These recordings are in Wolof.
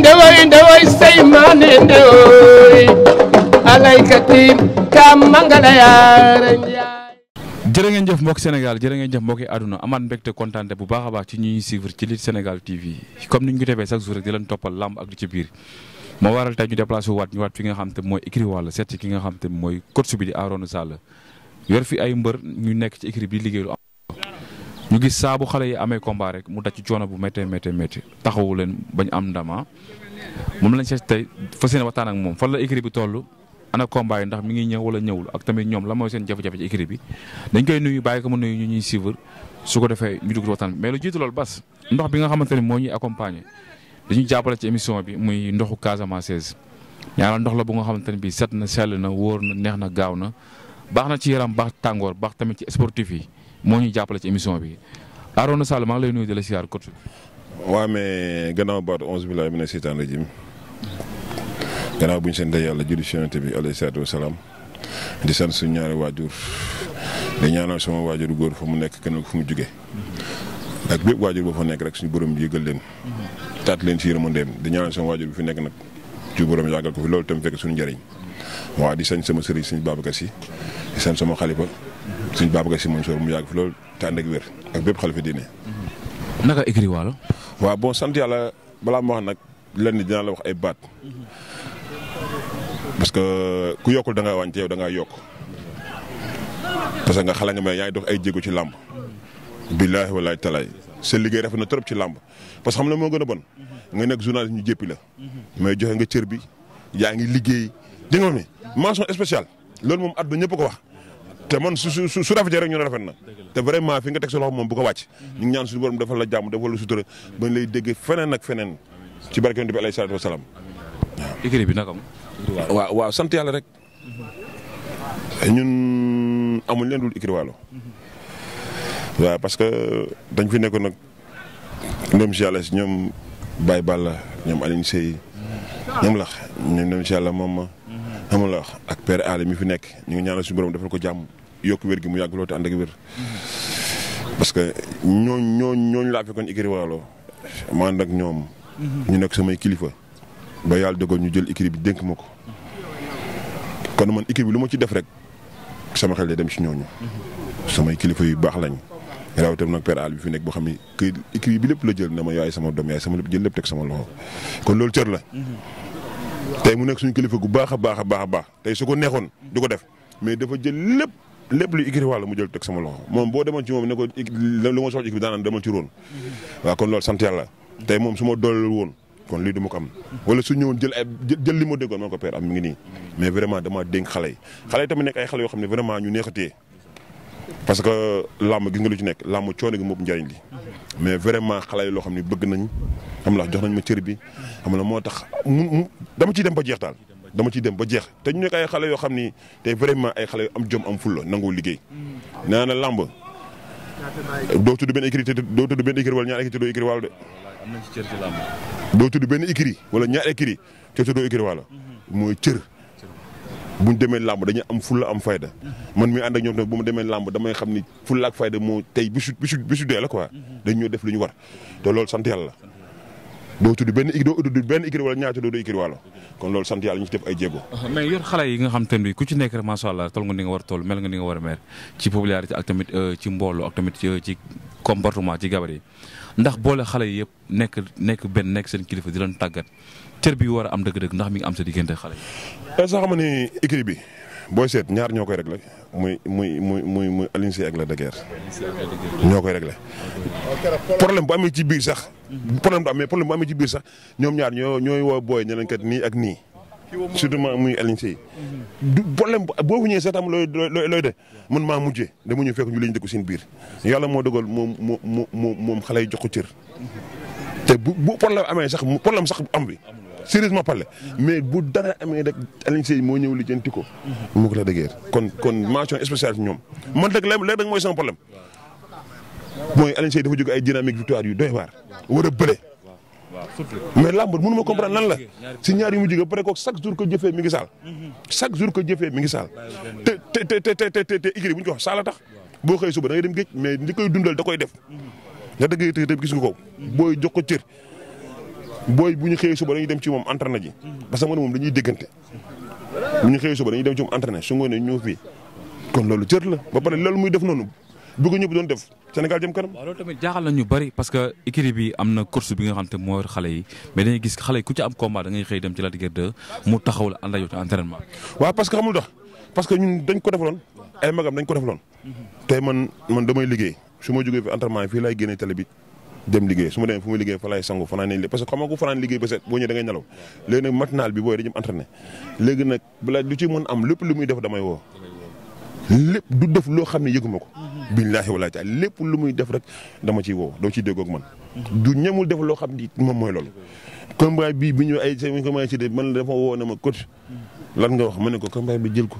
ndewoy ndewoy say seymane ndewoy alaykatim ka mangala yaara jërë ngeen jëf mbokk Sénégal jërë ngeen jëf mbokki aduna amaat mbekté contenté bu baax baax ci ñuy suivre ci Lutte TV comme ni ñu ko defee chaque jour rek di lan topal lamb ak ci biir mo waral tay ñu déplacer wat ñu wat fi nga xamanté moy écrit wala sét ki nga xamanté moy mooy coach bi di Arona Sall yor fi ay mbeur ñu nekk ci écrit bi liggéey ñu gis saa bu xale yi amee combat rek mu daj ci coono bu méttee méttee métti taxawu leen bañ am ndama ah. moom lañ sees tey fas yéene waxtaan ak moom fan la écrit bi toll ana combat yi ndax mi ngi ñëw wala ñëwul ak tamit ñoom la mooy seen jafe-jafe ci écrit bi dañ koy nuyu bàyyi ko mu nuyu ñu ñuy suivre su ko defee ñu dugg waxtaan mais lu jiitu loolu bas ndox bi nga xamante ne moo ñuy accompagner dañu jàppale ci émission bi muy ndoxu Casamance 16 ñaanal ndox la bu nga xamante ne bii set na sell na wóor na neex na gaaw na baax na ci yaram baax tàngoor baax tamit ci sportif yi moo ñu jàppale ci émission bi Arona Sall maa lay nuyu di la siyaar coach. waaw mais gannaaw baatu onze billahi mina seytaan rajim gannaaw bu ñu sant yàlla julli ci bi alayhi salaatu wa di sant suñu ñaari waajur di ñaanal sama waajur góor fa mu nekk kenn fu mu jugee ak bépp waajur boo fa nekk rek suñu borom yëgal leen. taat leen ci yërmandeem di ñaanal sama waajur bi fi nekk nag ci borom yàggal ko fi loolu tam fekk suñu njariñ waaw di sant sama sëriñ suñu Babacar Si di sant sama xalifa suñ Babacar simon Mansour mu yag fi lol tan ak wer ak bepp xalifa dine naka écrit wala wa bon sante yalla bala mo wax nak len dina la wax ay bat parce que ku yokul da ngaa wàññi yow da nga yok parce que nga xala nga may yaay dox ay djegu ci lamb billahi wallahi talaay seen liguey na trop ci lamb parce que xam na mo bon nga nek journaliste ñu la may joxe nga cër bi yaangi liguey di mention spéciale lool mom addu ñepp ko wax té man su su su rafetee rek ñu rafa na té vraiment fi nga tek sa loxo moom bu ko wacc ñu ñaan suñu borom defal la jamm defal la sutura bañ lay dégg fenen ak fenen ci barke yonent bi alayhi salatu wassalam ikri bi nakam wa wa sant yalla rek ñun amuñ leen dul ikri walo wa parce que dañ fi nekk nak ndem ci yalla ñom bay Balla ñom Alioune sey ñom la ñoom ndem si yàlla ma amul la ak père alim fi nekk ñu ñaanal suñu borom defal ko jamm yokk wér gi mu yàgg lool te ànd ak parce que ñooñ ñooñ ñooñu laa fekkoon ikiri ak ñoom. ñu nekk samay kilifa. ba yàlla dogal ñu jël ikiri bi dénk ma ko. kon man ikiri bi lu ma ci def rek dem si ñooñu. samay kilifa yu baax lañ. rawatam nag bi fi nekk boo xam ne kii équipe lépp la jël na ma yaay sama doom yaay sama lépp jël lépp teg sama loxo kon loolu cër la. tey mu nekk suñu kilifa gu baax a baax a baax a baax su ko neexoon. du ko def mais dafa jël lépp lépp lu écrit wàll mu jël teg sama loxo moom boo demoon ci moom ne ko lu ma soxla ci bi daanaan demal ci roon waaw kon loolu sant yàlla te moom su ma dooleel woon kon lii du ma am wala su ñëw jël ay jël li ma déggoon man ko père ngi nii mais vraiment dama dénk xale yi xale yi nekk ay xale yoo xam ne vraiment ñu neex a parce que làmb gis nga lu ci nekk làmb coono gi moom njëriñ li mais vraiment xale yi loo xam ne bëgg nañ xam la jox nañ ma cër bi xam la moo tax mu dama dem ba jeex daal dama ciy dem ba jeex te ñu nekk ay xale yoo xam ni te vraiment ay xale yu am jom am fulla nangoo liggéey. Mm. nee na làmb. doo tudd benn écurie doo tudd benn écurie wala ñaar écurie te doo écurie am nañ ci cër ci làmb. doo tudd benn écurie wala ñaar écurie te doo écurie wàll. Mm-hmm. mooy cër. bu ñu demee làmb dañuy am fulla am fayda. Mm-hmm. man mi ànd ak ñoom tamit bu mu demee làmb damay xam ni fulla ak fayda moo tey bisu bisu bisu dee la quoi. Mm-hmm. dañu def lu ñu war te loolu sant yàlla. doo tudd benn doo tudd benn ikir wala ñaata doo do ikir wala kon loolu sant ñu ci def ay jéego uh-huh. mais yor xale yi nga xam te ne ku ci nekk rek macha allah toll nga ni nga war a toll mel nga ni nga war a mel ci popularité ak tamit euh, ci mbooloo ak tamit euh, ci comportement ci gabar yi ndax boole xale yi yëpp nekk nekk benn nekk seen kilifa di leen tàggat ter bi war a am dëgg-dëgg ndax mi ngi am sa diggante xale yi. est ce que xam nga ni ikir bi booy seet ñaar ñoo koy réglé muy muy muy muy muy Alioune Seye ak Lac de ñoo koy réglé problème bu amee ci biir sax problème du amee problème bu amee ci biir sax ñoom ñaar ñoo ñooy woo booy ne kat nii ak nii surtout ma muy Alioune Seye du problème boo fu ñëwee tam looy looy de man maa mujjee dama ñu fekk ñu liñ dëkku seen biir yàlla moo dogal moom moo moom moom xale yi jox ko cër te bu bu problème amee sax problème sax am bi sérieusement parlé mais bu dara amee rek Alioune moo ñëw lijjanti ko. ko la dëggeer kon kon mention spéciale ñoom. man rek léeg-léeg rek mooy sama problème mooy Alioune Seye dafa jóge ay dynamique victoire yu doy waar. a bëre. mais làmb mënu la ñaar yu mu jóge pare ko chaque jour ko jëfee mi ngi saal. chaque jour ko jëfee mi ngi saal. te te te te te te bu ñu ko wax saala tax. boo xëy suba da ngay dem géej mais li koy dundal da koy def. nga dëgg te gis nga ko. booy jox ko cër. booy bu ñu xëyee suba dañuy dem ci moom entraîné ji. parce que man moom dañuy déggante. bu ñu xëyee suba dañuy dem ci moom entraîné su ngoonee ñëw fii kon loolu cër la ba pare loolu muy def noonu bu ñu bu doon def Sénégal jëm kanam. waaw loolu tamit jaaxal na ñu bari parce que équipe bi am na course bi nga xam te moo yor xale yi mais dañuy gis xale yi ku ci am combat da ngay xëy dem ci Lac de Guiers mu taxaw la ànd ak waaw parce que xamul tax parce que ñun dañ ko defaloon ay magam dañ ko defaloon. tey man man damay liggéey su ma jógee fi entraînement yi fii laay génnee télé bi dem liggéey su ma demee fu ma liggéey fa laay sangu fanaan ne parce que xam nga ku fanaan liggéey boo ñëwee da ngay nelaw léegi nag matinal bi booy dañu balaa lu ci mën am lépp lu muy def damay woo lépp du def loo xam ne yëguma ko billaahi wala taala lépp lu muy def rek dama ciy woo doo ciy déggoog man du ñemul def loo xam ni moom mooy loolu combat bii bi ñu ay seen commencé de man dafa woo ne ma coach lan nga wax ma ne ko combat bi jël ko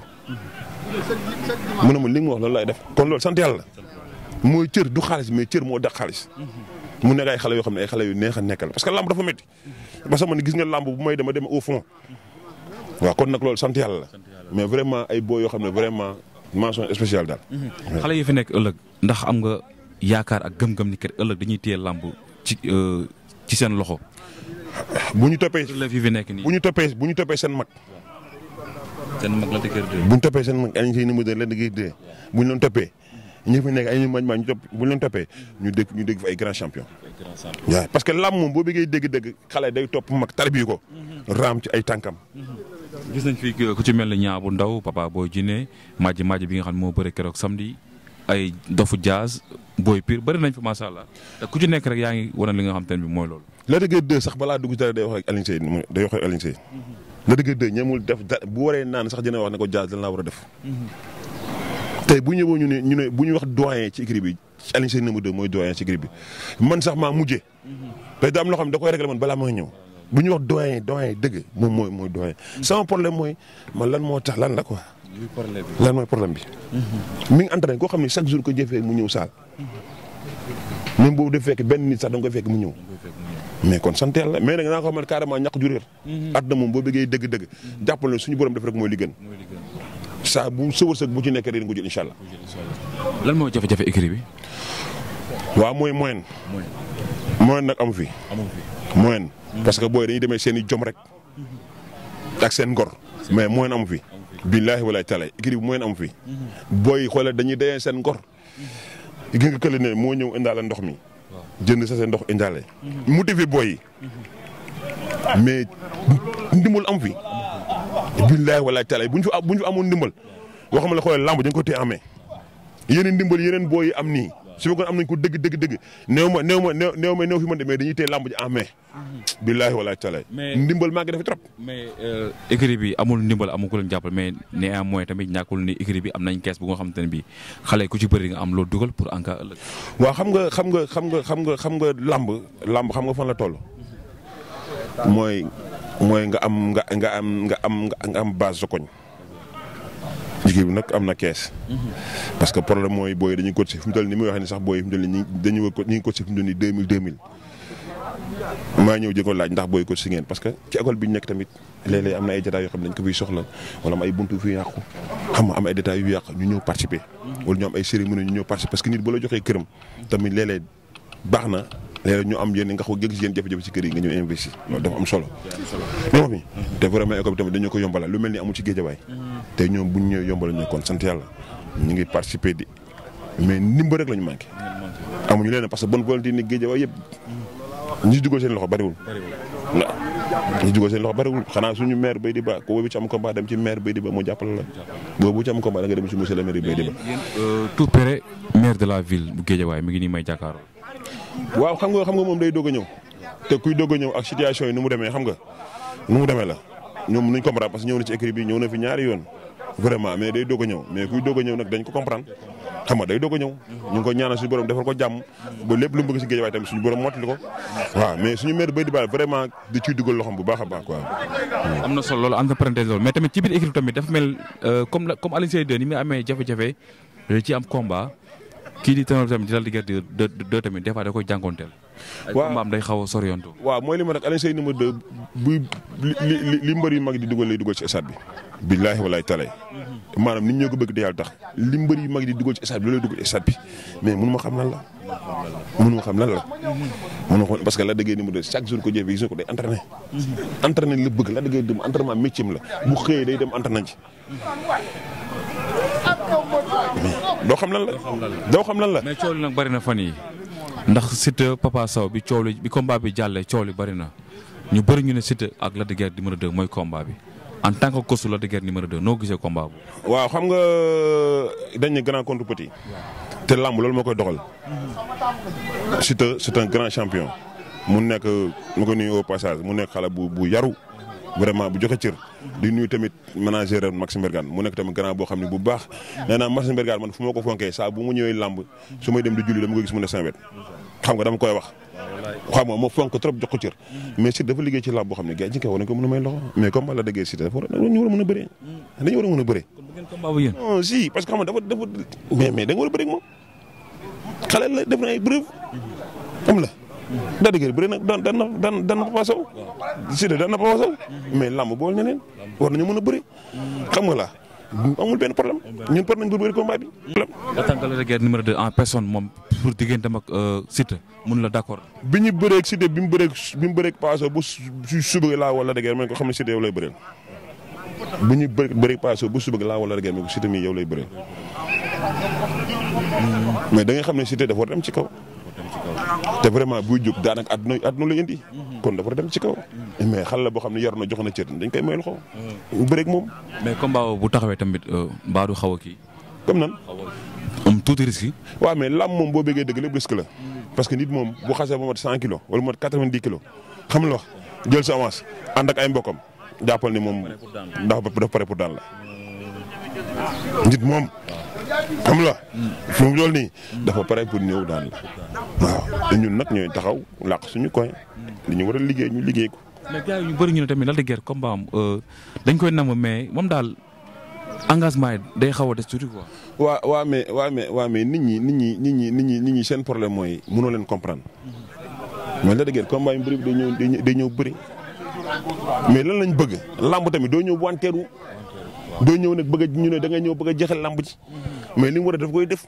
mu na ma li nga wax loolu laay def kon loolu sant yàlla mooy cër du xaalis mais cër moo da xaalis mu nekk ay xale yoo xam ne ay xale yu neex a nekkal parce que lamb dafa métti ba sama gis nga lamb bu may dama dem au fond waaw kon nag loolu sant yàlla la mais vraiment ay boo yoo xam ne vraiment mention spéciale daal. Mmh. xale yi fi nekk ëllëg ndax am nga yaakaar ak gëm-gëm ni ëllëg dañuy téye lamb ci euh, ci seen loxo. bu ñu toppee fi fi nekk nii bu ñu toppee bu ñu toppee seen mag. seen mag la te kër bu ñu toppee seen mag Alioune Seye numéro deux la bu ñu doon toppee. ñi fa nekk ay ñu mañ mañ ñu topp bu leen topé ñu dégg ñu dégg fa ay grand champion waaw parce que lam moom bo bëggee dégg-dégg xalé day top mak tarbi ko ram ci ay tankam gis nañ fi ku ci melni ni ñaabu ndaw papa boy jinne maji maji bi nga xam mo moo kérok samedi ay dofu jazz boy pire bëri nañ fa macha allah te ku ci nekk rek yaangi ngi li nga xam tane bi moy lool la dëgg dëgg sax bala dugg dara day wax ak Alioune Seye day wax ak Alioune Seye la dëgg dëgg ñemul def bu waré naan sax dina wax ne ko jazz lan laa wara def tey bu ñëwoo ñu ne ñu ne bu ñu wax doyen ci équipe bi Alioune Seye numéro 2 mooy doyen ci équipe bi man sax maa mujjee. tey daa am loo xam ne da koy réglé man balaa maa ñëw. bu ñu wax doyen doyen dëgg moom mooy mooy doyen. sama problème mooy man lan moo tax lan la quoi. lan mooy problème bi. mi ngi entraîné koo xam ne chaque jour ko jëfee mu ñëw saal. même boobu dafa fekk benn nit sax da nga koy fekk mu ñëw. mais kon sant yàlla mais nag naa ko xamal carrément ñàkk ju réer. at na moom boo bëggee dëgg-dëgg. jàppale suñu borom def rek mooy li gën. sa bu sa wërsëg bu ci nekk rek nga jël incha allah. lan mooy jafe-jafe écrit bi. mooy moyen. moyen nag amu fi. amu parce que booy dañuy demee seen jom rek ak seen ngor mais moyen amu fi. billaahi walaay taala écrit bi moyen fi. booy xoolal dañuy dayee seen ngor. gi nga kële ne moo ñëw indaale ndox mi. jënd sa seen ndox indaale. mu defee booy mhm. mais ndimbal am fi. billaay walaay taala bu ñu fa bu ñu fa ndimbal boo xam ne lamb dañ ko téye amee yeneen ndimbal yeneen booy yi am nii su fekkoon am nañ ko dëgg dëgg dëgg néew ma néew ma néew ma néew fi ma demee dañuy téye lamb ji amee. billaay walaay taala ndimbal maa ngi def trop. mais euh, écurie bi amul ndimbal amul ku leen jàppale mais néanmoins tamit ñàkkul ni écurie bi am nañ kees bu nga xamante ne bii xale ku ci bëri nga am loo dugal pour en cas ëllëg. waaw xam nga xam nga xam nga xam nga xam nga lamb lamb xam nga fan la toll mooy mooy nga am nga nga am nga am am base sa koñ. liggéey bi nag am na kees. Mm-hmm. parce que problème mooy booy dañuy cotiser fi mu toll nii muy wax ni sax booy fi mu toll nii dañu ñu ngi cotiser fi maa ñëw jëkkoon laaj ndax booy si ngeen parce que ci école bi ñu nekk tamit léeg-léeg am na ay détails xam ne dañ ko soxla wala am ay buntu fi yàqu xam nga am ay détails yu yàqu ñu ñëw participer. Mm-hmm. wala ñu am ay cérémonie ñu ñëw participer parce que nit bu la joxee këram. tamit léeg baax na léeg ñu am yéen nga xaw gégis yéen jafe-jafe ci kër yi nga ñëw investir loolu dafa am solo ñoo mi lu mel ni amul ci géejawaay te ñoom bu ñu sant yàlla ngi participer di mais ndimbal rek la ñu leen parce que bonne volonté ni géejawaay yëpp ñi dugal seen loxo bariwul waaw bariwul xanaa suñu maire bay di ba ko boobu ci am combat la boobu ci am combat da euh, mi ngi nii may jàkkaaroo waaw xam nga xam nga moom day doog a ñëw te kuy doog a ñëw a situation yi nu mu demee xam nga nu mu demee la ñoom nuñ comprendre parce que ñëw na ci écrit bi ñëw na fi ñaari yoon vraiment mais day doog a ñëw mais kuy doog a ñëw nag dañ ko comprendre xam nga day doog a ñëw ñu ko ñaanal suñu borom defal ko jàmm lépp lu mu bëgg si géej waaye tamit suñu borom ko waaw mais suñu maire Bay di Bal vraiment di ciy dugal loxoom bu baax a baax quoi. am na solo loolu entre parenthèse loolu mais tamit ci biir écrit tamit dafa mel euh, comme comme Alioune Seye 2 ni mu amee jafe-jafe euh, ci am combat kii di ténor tamit di la di gerte de de tamit des fois da koy jànkoonteel. waaw maam day xaw a soriyantu. waaw mooy li ma nag Alioune Seye numéro 2 buy li li mbër ci stade bi. billaahi walaay talay. maanaam nit ñoo ko bëgg de yàlla tax li mbër yu mag di dugal ci stade bi loolu lay dugal ci stade bi mais mënu ma xam lan la. mënu ma xam lan la. mënu ma xam parce que la dëggee numéro 2 chaque jour ko jëfee gis ko day entraîné. entraîné la bëgg la dëggee dem entraînement métier la bu xëyee day dem entraîné ci. doo xam lan la doo xam lan la. mais coow li nag bari na fan yi ndax Siteu Papa Sow bi coow li bi combat bi jàllee coow li bari na ñu bëri ñu ne Siteu ak Lac de Guiers numéro mooy combat bi en tant que coach Lac de Guiers numéro 2 noo gisee combat bu waaw xam nga dañ ne grand contre te làmb loolu moo koy doxal. Siteu c'est un grand champion. mun nekk mu ko nuyu passage mu nekk xale bu bu yaru. vraiment bu joxe cër di nuyu tamit manager Maxime Bergane mu nekk tamit grand boo xam ne bu baax nee naa Maxime Bergane man fu ma ko mu ñëwee làmb su may xam nga dama koy wax xam nga ma fonk trop jox ko cër mais Siteu dafa liggéey ci làmb boo xam ne gars yi war ko mën a may loxo mais comme la déggee Siteu dafa a mën a bëree que nga dafa dafa a bëree ak moom xale la def na ay preuve am la da dëgër bëri nag dan dan dan dan na Papa Sow si de dan na Papa Sow mais lamb bool ñeneen war nañu mën a bëri xam nga la amul benn problème ñun par nañ bu bëri combat bi en tant que en personne moom pour digganteem ak euh, Siteu mun la d' bi ñu bëreeg Siteu bi mu bëreeg bi mu bëreeg Papa Sow bu su suba laa wala Lac de Guiers ko xam ne Siteu yow lay bëreel bu ñu bëri bëri bu suba laa wala Lac de Guiers man ko Siteu mii yow mais da xam ne Siteu dafa war dem ci kaw te vraiment buy jóg daanaka àdduna àdduna lay indi. kon dafa war dem ci kaw. mais xale la boo xam ne yar na jox na cër dañ koy may loxo. bu bëreeg moom. mais taxawee tamit euh, mbaa du xaw a kii. comme nan. am tuuti risque. waaw mais lam moom boo bëggee dëgg lépp risque la. parce que nit moom bu xasee ba mat cent wala mat quatre-vingt-dix kilos xam nga lu wax jël sa avance ànd ak ay mbokkam jàppal ni moom. dafa pare pour daan la nit moom. xam la fi mu loolu nii dafa pare pour ñëw daan la waaw ñun nag ñooy taxaw làq suñu koy dañu war a liggéey ñu liggéey ko. mais gars yi ñu bëri tamit Lac de Guiers combat am euh, koy namm mais moom daal engagement yi day xaw a des tuuti quoi. waa waa mais waa mais waa mais nit ñi nit ñi nit ñi nit ñi nit ñi seen problème mooy mënoo leen comprendre mais Lac de Guiers combat yu bëri day ñëw day ñëw bëri mais lan lañ bëgg lamb tamit doo ñëw wanteeru doo ñëw nag bëgg ñu ne da nga ñëw bëgg a jeexal lamb ci. mais li mu war a def koy def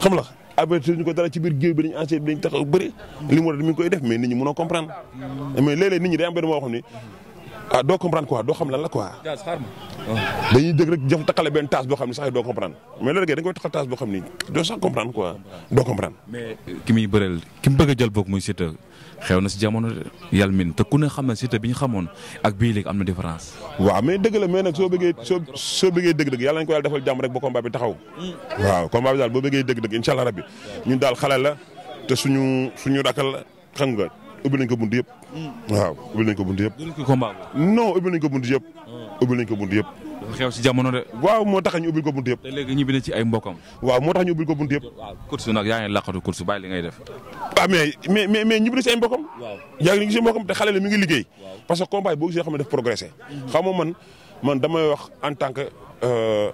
xam la avertir ñu ko dara ci biir géew bi dañu enchaîné dañu taxaw bëri li mu war a def mi ngi koy def mais nit ñi mënoo comprendre mais léeg-léeg nit ñi day am benn moo xam ni ah doo comprendre quoi doo xam lan la quoi. dañuy dégg rek jëf takkale benn taas boo xam ne sax doo comprendre mais loolu xam ni doo sax comprendre quoi doo comprendre. mais euh, ki muy bëreel ki mu bëgg a jël boog muy Siteu xew na si jamono yàlla miin te ku ne xam na Siteu bi ñu xamoon ak bii léegi am na différence. waaw mais dëgg la mais nag soo bëggee soo soo bëggee dëgg-dëgg yàlla nañu ko yàlla defal jàmm rek ba combat bi taxaw. waaw combat bi daal boo bëggee dëgg-dëgg incha allah rabbi ñun daal xale la te suñu suñu rakkal xam nga ubbi ko bunt yëpp. ko bunt yëpp. ubbi nañ non ubbi ko bunt yëpp. ubbi nañ ko bunt yëpp. Hmm. xew si jamono de. waaw moo tax ñu ubbil ko bunt yëpp. te léegi ñibbi na ci ay mbokkam. waaw moo tax ñu ubbil ko bunt yëpp. waaw kursu nag yaa ngi laqatu kursu li ngay def. ah mais mais mais mais ay mbokkam. waaw ngi ci mbokkam te xale la mi ngi liggéey. parce que combat boo gisee xam ne daf progressé. Hmm. xam man man damay wax en tant que euh,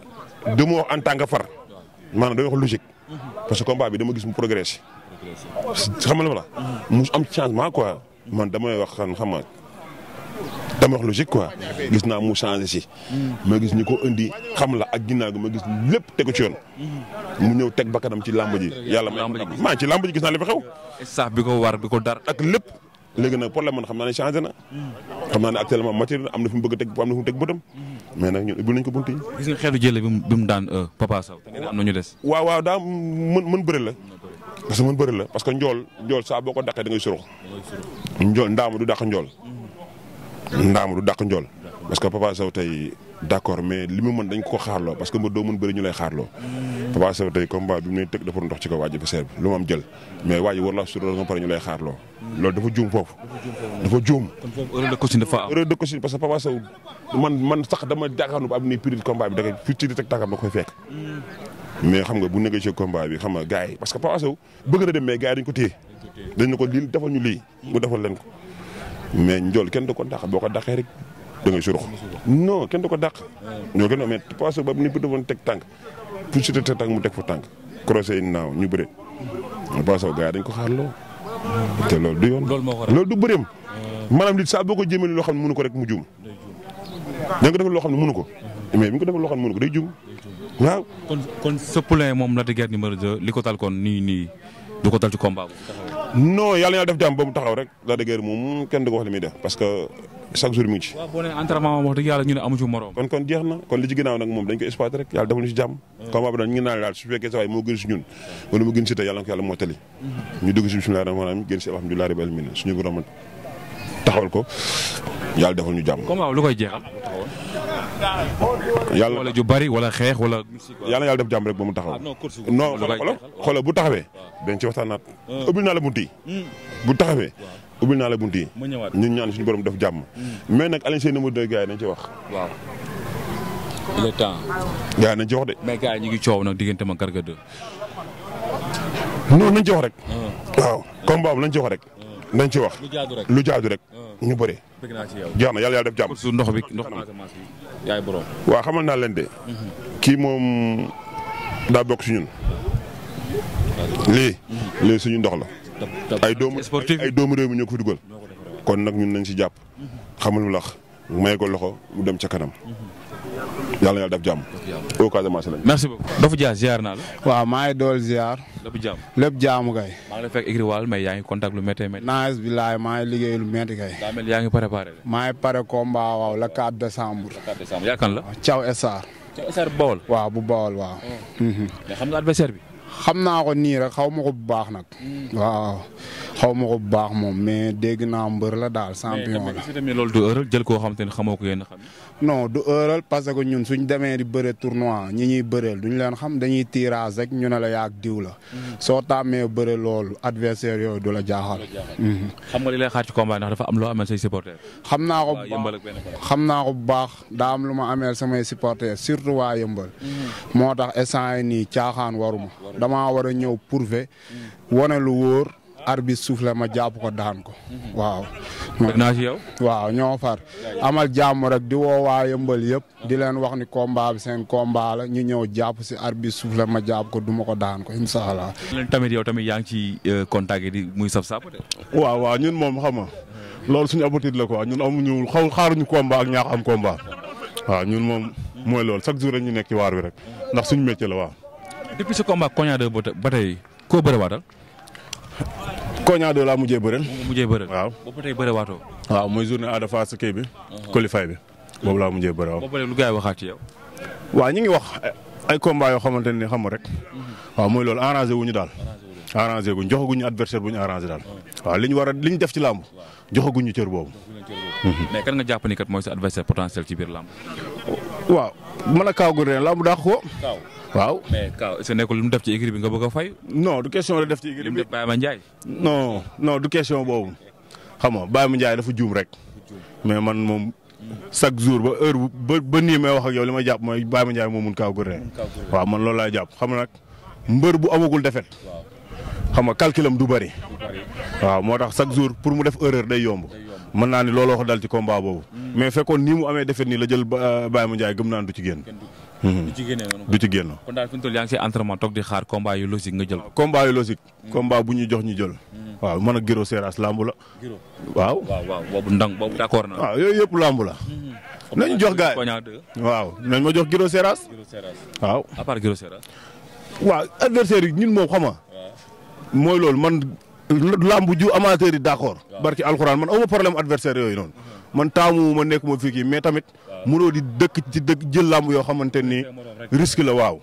dama wax en tant que far. maanaam damay wax logique. Hmm. parce que combat bi dama gis mu progressé xam nga la mu am changement quoi man damay wax xam nga dama wax logique quoi gis naa mu changer si. ma gis ñu ko indi xam la ak ginnaaw gi ma gis lépp tegu ci yoon. mu ñëw teg bakkanam ci làmb ji. yàlla maa ci làmb ji gis naa li fi xew. ko war bi ko dar ak lépp. léegi nag problème man xam naa ne changé na. xam naa ne actuellement matière am na fi mu bëgg a teg am na fi mu teg bëtam. mais nag ñun ubbi nañ ko bunt yi. gis nga xeetu jële bi mu daan euh, Papa Sow. am na ñu des. waaw waaw daa mën mën parce que bëri la parce que njool njool saa boo ko daqee da ngay surux njool ndaama du dàq njool ndaama du dàq njool parce que Papa Sow tey d'accord mais li mu mën dañ ko xaarloo parce que mbër doo mën bëri lay xaarloo Papa Sow tey combat bi mu ne tëg dafa ndox ci ko waaji ba seer bi lu mu am jël mais waaji war la suroo nga pare ñu lay xaarloo loolu dafa juum foofu dafa juum am parce que Papa Sow man sax dama jàkkaarlu ba am ni prix combat bi da ngay fii ci di teg tànkam da koy fekk mais xam nga bu négocier combat bi xam a gars yi parce que Papa Sow bëgg na dem mais gars dañ ko téye dañ ko lii defal ñu lii mu defal leen ko mais njool kenn du ko dàq boo ko dàqee rek da ngay surux non kenn du ko dàq ñoo gën a mais Papa Sow ba ni bu defoon teg tànk fu si teg tànk mu teg fa ñu bëre Papa Sow dañ ko xaarloo te loolu du yoon loolu du bëreem maanaam li saa boo ko jëmee loo xam ne mënu ko rek mu juum da nga ko defal loo xam ne mënu ko mais bi nga ko defal loo xam ko day juum waaw kon moom Lac de Guiers numéro ko nii nii du ko tal ci combat bu non yàlla na def jàmm ba taxaw rek Lac de Guiers moom kenn du parce que chaque jour ñu ne amu ci morom. kon kon jeex na kon li ci ginnaaw nag moom dañ ko exploité mm-hmm. rek yàlla defal ñu jàmm. combat bi moo gën si ñun wala mu gën si te yàlla na ko yàlla moo tali. ñu dugg si bisimilah rahmaani rahiim gën si alhamdulilah lu koy jeexal yàlla wala ju bari wala xeex wala. yàlla yàlla def jàmm rek ba mu taxaw. Ah, non xoolal bu taxawee. dañ ci waxtaanaat. Ah. ubbil naa la bunt yi. Hmm. bu taxawee. ubbil naa la bunt yi. ñu ñaan suñu borom def jàmm. Hmm. mais nag Alioune Seye numéro 2 gars ci wax. waaw le temps. gars yi nañ ci wax de. mais yi ñu ngi coow nag diggante ma Garga 2. non nañ ci wax rek. Ah. waaw combat boobu nañ ci wax rek. nañ ci wax lu jaadu rek. ñu bëri. jeex na yàlla yàlla def jàmm. ndox bi ndox bi yaay borom. waaw xamal naa leen de. Mhm. kii moom daa bokk ci ñun. lii. Mhm. lii suñu ndox la. ay doomu ay doomu réew mi ñoo ko fi kon nag ñun nañ si jàpp. Mhm. xamal mu lax may ko loxo mu dem ca kanam. yàlla yàlla def jàmm. au Casamance lañ. merci beaucoup Dof Dia ziar naa la. waaw maa ngi dool ziar. lépp jàmm lépp jàmm kay. maa ngi lay fekk Igri Wal mais yaa ngi contact lu méttee métti. naaj bi laay maa ngi liggéey lu métti kay. daa mel yaa ngi préparé. maa ngi pare combat waaw le 4 décembre. le 4 décembre yaa kan la. Thiaw Essar. Thiaw Essar bu Bawol. waaw bu Bawol waaw. Oh. Mhm. mais xam nga adversaire bi. xam naa ko nii rek xaw ma ko bu baax nag. Mm. waaw xaw ma ko bu baax moom mais dégg naa mbër la daal champion la. mais loolu du ëral jël koo xam te ne xamoo ko yéen du ëral parce que ñun suñ demee di bëre tournoi ñi ñuy bëreel duñ leen xam dañuy tirage rek ñu la yaag diw la. Mm-hmm. soo tàmmee bëre loolu adversaire yooyu du la jaaxal. Mm-hmm. xam nga li bu baax da naa ko bu baax daa am lu ma ameel samay supporters surtout waa yëmbal. Mm-hmm. moo tax instant yii nii caaxaan waruma damaa war a ñëw prouver wane lu wóor. suuf soufflé ma jàpp ko daan ko. Mhm. waaw. naa si yow. waaw ñoo far amal jàmm rek di woo waa yëmbal yëpp. di leen wax ni combat bi seen combat la ñu ñëw jàpp si suuf soufflé ma jàpp ko duma ko daan ko incha allah. tamit yow tamit yaa ngi ci euh, contact yi di muy saf sap de. waaw waaw ñun moom xam nga loolu suñu appétit ko quoi ñun amuñu xaw xaaruñu combat ak ñaax am combat waaw ñun moom mooy lool chaque jour rek ñu nekk ci waar bi rek ndax suñu métier la waaw. depuis ce koo Kogna doo laa mujjee bëreel. mujjee bëreel waaw. boobu tey bëre waatoo. waaw mooy journée Ada Fass kii bi. qualifié uh-huh. bi boobu laa mujjee bëre waaw. boobu lu gars yi ci yow. waaw ñu ngi wax ay combat yoo xamante ne xam rek. Uh-huh. waaw mooy loolu arrangé wuñu daal. arrangé guñ joxaguñu adversaire bu ñu arrangé daal. Uh-huh. waaw li ñu war a li ñu def ci làmb joxaguñu cër boobu. mais kan nga jàpp ni kat mooy sa adversaire ci biir làmb. waaw mën a kaaw gu ren laa mu dàq ko. waaw mais Kaaw est-ce nekkul lu mu def ci écurie bi nga bëgg a fay. no du question la def ci écurie bi li mu def Baye Ma du question boobu xam nga Baye Ma dafa juum rek. mais man moom chaque jour ba heure ba ba nii may wax ak yow li may jàpp mooy Baye Ma Ndiaye moo mun Kaaw gu waaw man loolu laay jàpp xam nga nag mbër bu amagul defet xam nga calculam du bari. waaw moo tax chaque jour pour mu def erreur day yomb. man na ni lolo ko dal ci combat bobu mm. mais fekkon ni mu amé defet ni la jël euh, Baye ndjay gëm naa du ci genn mm. du ci genn kon dal fi tol yaang ci entraînement tok di xaar combat yu logique nga jël. combat yu logique. Mm. combat bu ñu jox ñu jël. waaw man ak Giro Seras lamb la. Giro waaw. waaw waaw boobu ndang bobu d'accord na. waaw yoy yëpp lamb la. Mm-hmm. nañ jox gaay waaw nañ ma jox Giro Seras. Giro Seras waaw. a part Giro Seras. waaw adversaire ñun mo xama moy mooy man. lamb ju amateur yi d' accord. barki alxuraan man aw ma problème adversaire yooyu noonu. Uh-huh. man taamu ma nekk ma fii kii mais tamit. mënoo di dëkk ci dëkk jël lamb yoo xamante ni risque la waaw.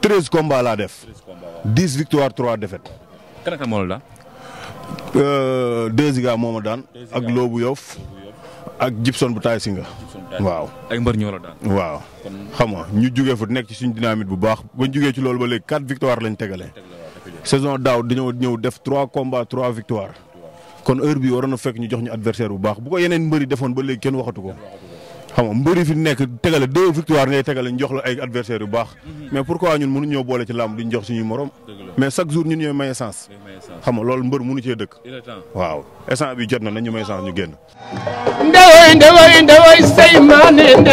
treize combats laa def. dix victoire trois défaites. keneen kan la daan. Euh, deux Ziga moo ma daan. ak Loobu Yoff ak Gibson bu taay singa waaw ay mbër waaw xam nga ñu jugee fa nekk ci suñu dynamite bu baax ba ñu jugee ci loolu ba léegi quatre victoire lañ tegalee. saison daaw dañoo ñëw def trois combats trois victoires kon heure bi waroon na fekk ñu jox ñu adversaire bu baax bu ko yeneen mbëri defoon ba léegi kenn waxatu ko xam nga mbëri fi nekk tegale deux victoires ngay tegale ñu jox la ay adversaire yu baax mhm. mais pourquoi ñun mënu ñoo boole ci làmb duñ jox ñu morom mais chaque jour ñun ñooy maye sens xam nga loolu mbër mënu cee dëkk waaw essence bi jot na nañu may sens ñu génn ndewoy ndewoy ndewoy say maane